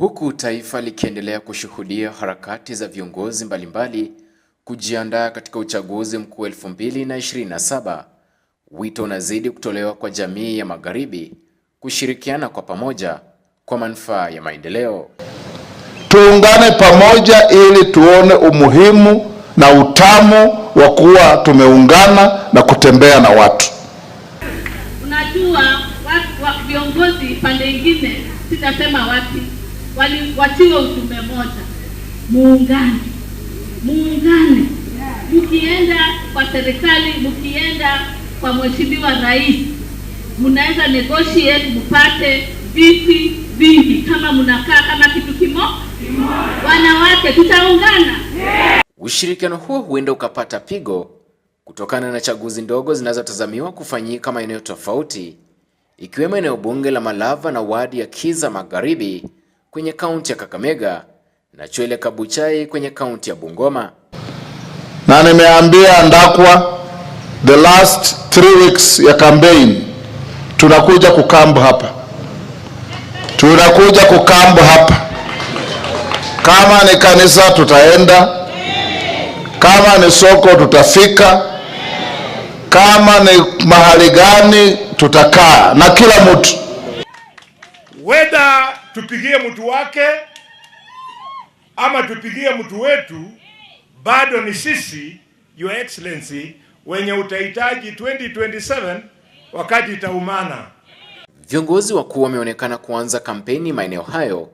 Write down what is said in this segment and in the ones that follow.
Huku taifa likiendelea kushuhudia harakati za viongozi mbalimbali kujiandaa katika uchaguzi mkuu 2027, wito unazidi kutolewa kwa jamii ya Magharibi kushirikiana kwa pamoja kwa manufaa ya maendeleo. Tuungane pamoja ili tuone umuhimu na utamu wa kuwa tumeungana na kutembea na watu. Unajua watu, viongozi pande nyingine sitasema wapi watiwe utume moja, muungane, muungane. Mkienda kwa serikali, mkienda kwa mheshimiwa rais, mnaweza negotiate mpate viti vingi kama mnakaa kama kitu kimo. Wanawake tutaungana. Ushirikiano huo huenda ukapata pigo kutokana na chaguzi ndogo zinazotazamiwa kufanyika maeneo tofauti ikiwemo eneo bunge la Malava na wadi ya Kiza Magharibi kwenye kaunti ya Kakamega na Chwele Kabuchai kwenye kaunti ya Bungoma. Na nimeambia Ndakwa the last three weeks ya campaign tunakuja kukambu hapa, tunakuja kukambu hapa. Kama ni kanisa tutaenda, kama ni soko tutafika, kama ni mahali gani tutakaa na kila mtu whether tupigie mtu wake ama tupigie mtu wetu, bado ni sisi Your Excellency wenye utahitaji 2027 wakati itaumana. Viongozi wakuu wameonekana kuanza kampeni maeneo hayo,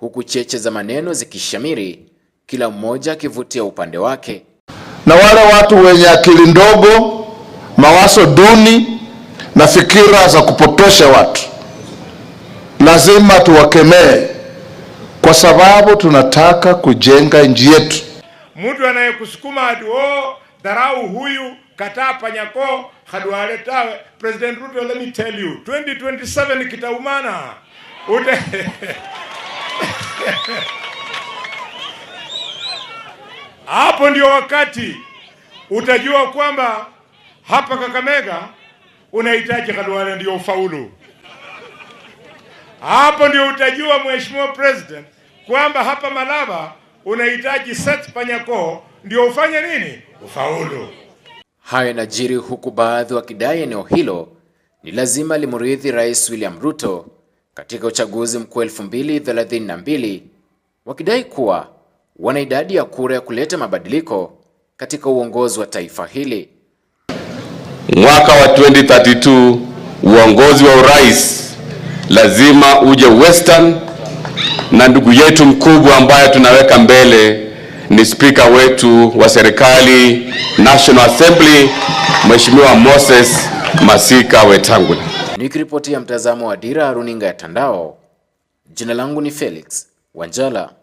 huku cheche za maneno zikishamiri, kila mmoja akivutia upande wake, na wale watu wenye akili ndogo, mawazo duni na fikira za kupotosha watu lazima tuwakemee kwa sababu tunataka kujenga nchi yetu. Mtu anayekusukuma aduo dharau huyu kataa panyako haduale tawe. President Ruto, let me tell you 2027 kitaumana Ute... hapo ndio wakati utajua kwamba hapa Kakamega unahitaji haduale ndio ufaulu. Hapo ndio utajua Mheshimiwa President kwamba hapa Malaba unahitaji Seth Panyako ndio ufanye nini, ufaulu. Hayo yanajiri huku baadhi wakidai eneo hilo ni lazima limrithi Rais William Ruto katika uchaguzi mkuu 2032 wakidai kuwa wana idadi ya kura ya kuleta mabadiliko katika uongozi wa taifa hili. Mwaka wa 2032 uongozi wa urais lazima uje Western, na ndugu yetu mkubwa ambaye tunaweka mbele ni spika wetu wa serikali National Assembly, Mheshimiwa Moses Masika Wetangula. Nikiripotia mtazamo wa Dira runinga ya Tandao, jina langu ni Felix Wanjala.